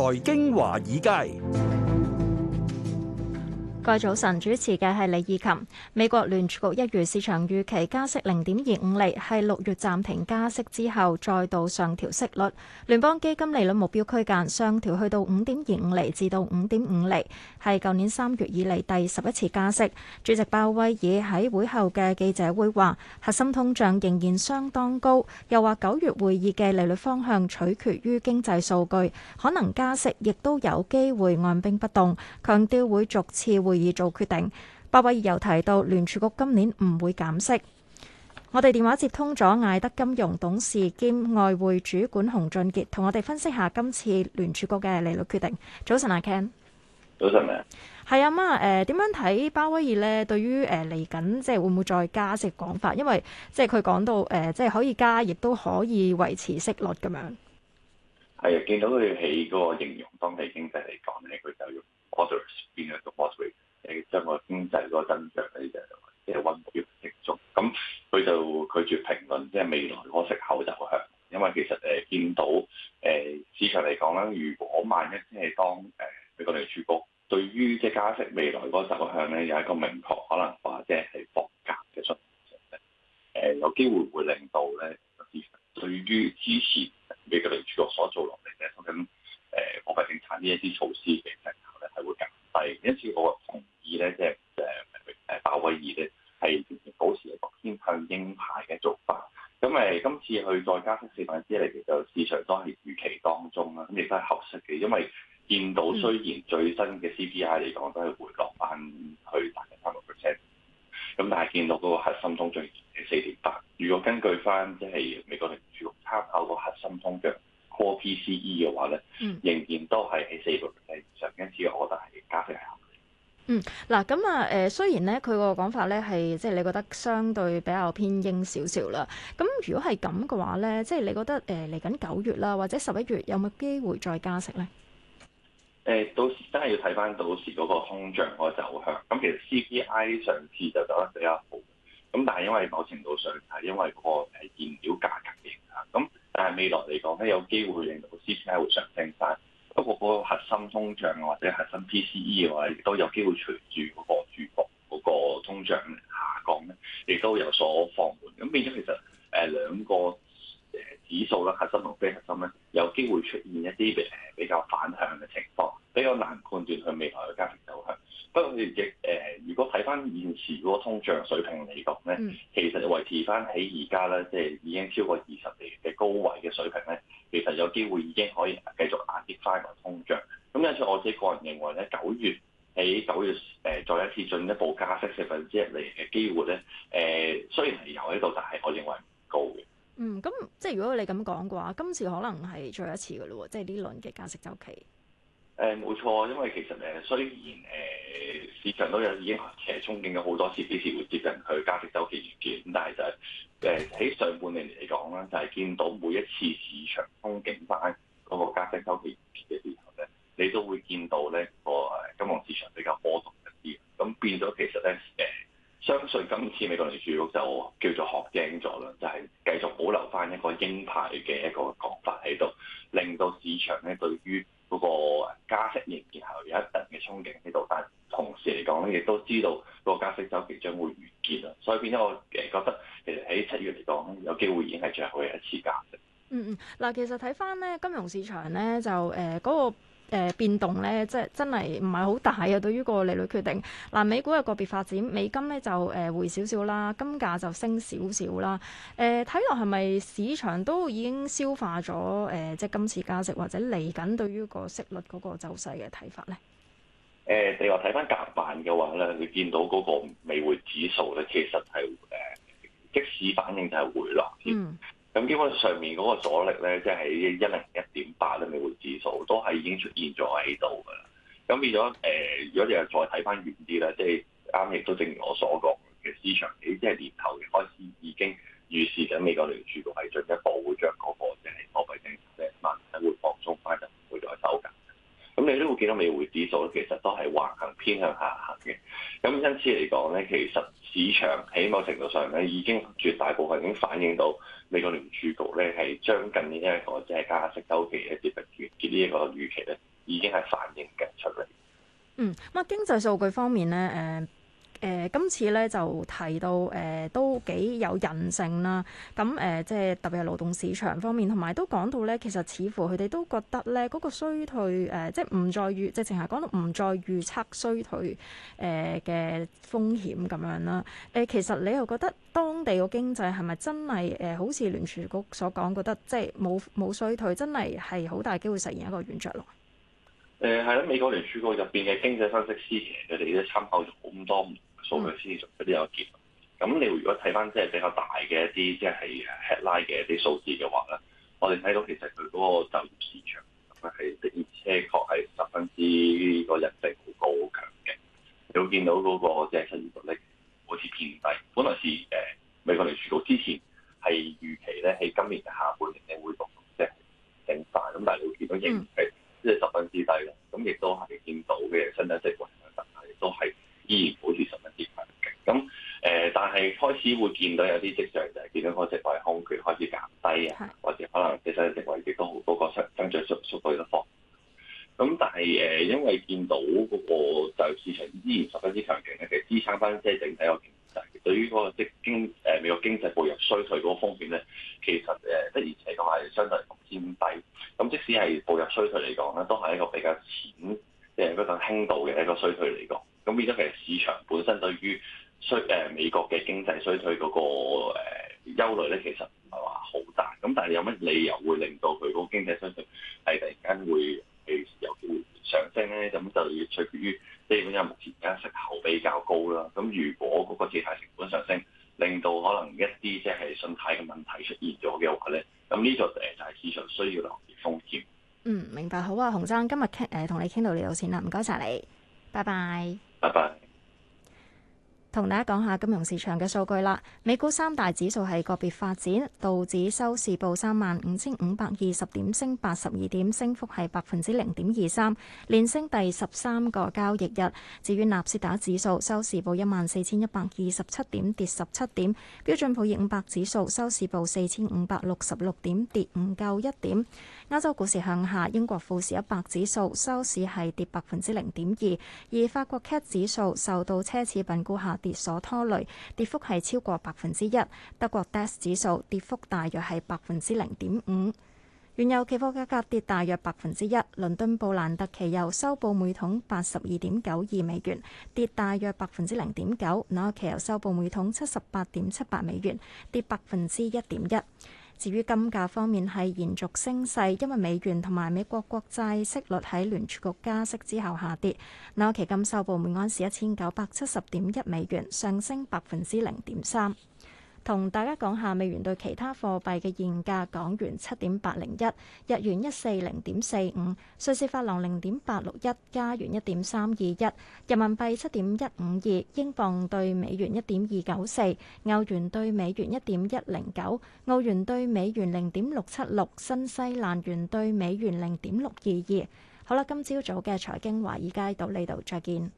財經華爾街。今早晨主持嘅係李義琴。美國聯儲局一如市場預期加息0.25釐，係六月暫停加息之後再度上調息率。聯邦基金利率目標區間上調去到5.25釐至到5.5釐，係舊年三月以嚟第十一次加息。主席鮑威爾喺會後嘅記者會話：核心通脹仍然相當高，又話九月會議嘅利率方向取決於經濟數據，可能加息亦都有機會按兵不動。強調會逐次會議做決定。鮑威爾又提到聯儲局今年唔會減息。我哋電話接通咗艾德金融董事兼外匯主管洪俊傑，同我哋分析下今次聯儲局嘅利率決定。早晨阿 Ken，早晨啊。係啊，媽誒點樣睇鮑威爾呢？對於誒嚟緊即係會唔會再加息講法，因為即係佢講到誒，即係可以加，亦都可以維持息率咁樣。係啊，見到佢喺嗰個形容當地經濟嚟講呢，佢就用儲局對於即係加息未來嗰個走向咧，有一個明確可能話，即係降價嘅信心咧，誒，有機會會令到咧，市場對於之前美國呢個儲局所做落嚟嘅，講緊誒貨幣政策呢一啲措施嘅成效咧，係會減低。因此，我同意咧，即係誒誒鮑威爾咧係保持一個偏向鷹派嘅做法。咁誒、呃，今次去再加息四分之其就市場都係預期當中啦。咁亦都係合適嘅，因為。見到雖然最新嘅 CPI 嚟講都係回落翻去大概三個 percent 咁，但係見到嗰個核心通脹係四點八。如果根據翻即係美國聯儲局參考個核心通脹 core P C E 嘅話咧，仍然都係喺四度。上一次我覺得係加息係合理。嗯，嗱咁啊，誒雖然咧佢個講法咧係即係你覺得相對比較偏鷹少少啦。咁如果係咁嘅話咧，即係你覺得誒嚟緊九月啦，或者十一月有冇機會再加息咧？誒到時真係要睇翻到時嗰個通脹個走向，咁其實 CPI 上次就走得比較好，咁但係因為某程度上係因為嗰個誒燃料價格嘅影響，咁但係未來嚟講咧有機會令到 CPI 會上升翻，不過嗰個核心通脹或者核心 PCE 嘅話亦都有機會隨住嗰個住房嗰個通脹下降咧，亦都有所放緩，咁變咗其實誒兩個指數啦，核心同非核心咧，有機會出現一啲誒比較反向嘅情況，比較難判斷佢未來嘅家庭走向。不過亦誒，如果睇翻現時嗰個通脹水平嚟講咧，嗯、其實維持翻喺而家咧，即係已經超過二十年嘅高位嘅水平咧，其實有機會已經可以繼續壓跌翻個通脹。咁有陣時我自己個人認為咧，九月喺九月誒再一次進一步加息四分之一釐嘅機會咧，誒、呃、雖然係有喺度，但係我認為。咁即係如果你咁講嘅話，今次可能係最後一次嘅咯喎，即係呢輪嘅加息周期。誒冇錯，因為其實誒雖然誒、呃、市場都有已經憧憬咗好多次，幾時會接近佢加息周期條件，但係就係誒喺上半年嚟講啦，就係、是、見到每一次市場憧憬翻嗰個加息周期嘅時候咧，你都會見到咧、呢個誒金融市場比較波動一啲，咁變咗其實咧誒。呃相信今次美國聯儲局就叫做學驚咗啦，就係、是、繼續保留翻一個鷹派嘅一個講法喺度，令到市場咧對於嗰個加息仍然係有一啲嘅憧憬喺度，但同時嚟講咧亦都知道嗰個加息周期將會完結啊，所以變咗我其實覺得其實喺七月嚟講，有機會已經係最好嘅一次加息。嗯嗯，嗱，其實睇翻咧金融市場咧就誒嗰、呃那個。誒、呃、變動咧，即係真係唔係好大啊！對於個利率決定，嗱、呃、美股嘅個別發展，美金咧就誒回、呃、少少啦，金價就升少少啦。誒睇落係咪市場都已經消化咗誒、呃，即係今次加息或者嚟緊對於個息率嗰個走勢嘅睇法咧？誒你、呃、話睇翻隔板嘅話咧，你見到嗰個美匯指數咧，其實係誒、呃、即時反應就係回落。嗯。咁基本上面嗰個阻力咧，即係喺一零一點八嘅美匯指數，都係已經出現咗喺度噶啦。咁變咗誒、呃，如果你又再睇翻遠啲啦，即係啱亦都正如我所講嘅市場，咦，即係年頭嘅開始已經預示緊美國聯儲局係進一步會將。基金美匯指數其實都係橫行偏向下行嘅。咁因此嚟講咧，其實市場喺某程度上咧，已經絕大部分已經反映到美國聯儲局咧係將近呢一個即係加息周期嘅接近完結呢一個預期咧，已經係反映嘅出嚟。嗯，咁啊，經濟數據方面咧，誒、呃。誒、呃、今次咧就提到誒、呃、都幾有人性啦，咁、呃、誒即係特別係勞動市場方面，同埋都講到咧，其實似乎佢哋都覺得咧嗰、那個衰退誒、呃，即係唔再預，即係淨係講到唔再預測衰退誒嘅、呃、風險咁樣啦。誒、呃、其實你又覺得當地個經濟係咪真係誒、呃、好似聯儲局所講，覺得即係冇冇衰退，真係係好大機會實現一個軟着陸？誒係啦，美國聯儲局入邊嘅經濟分析師佢哋都參考咗好多。數據先至做一啲有結，咁你如果睇翻即係比較大嘅一啲即係、就、係、是、headline 嘅一啲數字嘅話咧，我哋睇到其實佢嗰個就業市場咧係的而且確係十分之個人性高個好高好強嘅，你會見到嗰個即係薪金率好似偏低，本來是誒美國嚟住到之前。會見到有啲跡象，就係見到嗰個職位空缺開始減低啊，的或者可能其實職位亦都好，高個增增長速速度都放慢咁但係誒，因為見到嗰個就市場依然十分之強勁咧，其實支撐翻一些整體個經濟。對於、那個即經誒美國經濟步入衰退嗰個風險咧，其實誒，即、呃、而且講係相對較偏低。咁即使係步入衰退嚟講咧，都係一個比較淺，即、就、係、是、比較輕度嘅一個衰退嚟講。咁變咗其實市場本身對於需誒美國嘅經濟衰退嗰個誒憂慮咧，其實唔係話好大。咁但係有乜理由會令到佢嗰個經濟衰退係突然間會係有機會上升咧？咁就要取決於即係本身目前而家息口比較高啦。咁如果嗰個借貸成本上升，令到可能一啲即係信貸嘅問題出現咗嘅話咧，咁呢個誒就係市場需要留意風險。嗯，明白，好啊，洪生，今日傾誒同你傾到呢度先啦，唔該晒你，拜拜。拜拜。同大家講下金融市場嘅數據啦。美股三大指數係個別發展，道指收市報三萬五千五百二十點，升八十二點，升幅係百分之零點二三，連升第十三個交易日。至於納斯達指數收市報一萬四千一百二十七點，跌十七點。標準普爾五百指數收市報四千五百六十六點，跌五九一點。歐洲股市向下，英國富時一百指數收市係跌百分之零點二，而法國 CAC 指數受到奢侈品沽壓。跌所拖累，跌幅係超過百分之一。德國 DAX 指數跌幅大約係百分之零點五。原油期貨價格跌大約百分之一。倫敦布蘭特期油收報每桶八十二點九二美元，跌大約百分之零點九。紐約期油收報每桶七十八點七八美元，跌百分之一點一。至於金價方面係延續升勢，因為美元同埋美國國債息率喺聯儲局加息之後下跌。紐期金收報每盎司一千九百七十點一美元，上升百分之零點三。同大家講下美元對其他貨幣嘅現價：港元七點八零一，日元一四零點四五，瑞士法郎零點八六一，加元一點三二一，人民幣七點一五二，英鎊對美元一點二九四，歐元對美元一點一零九，澳元對美元零點六七六，新西蘭元對美元零點六二二。好啦，今朝早嘅財經華爾街到呢度，再見。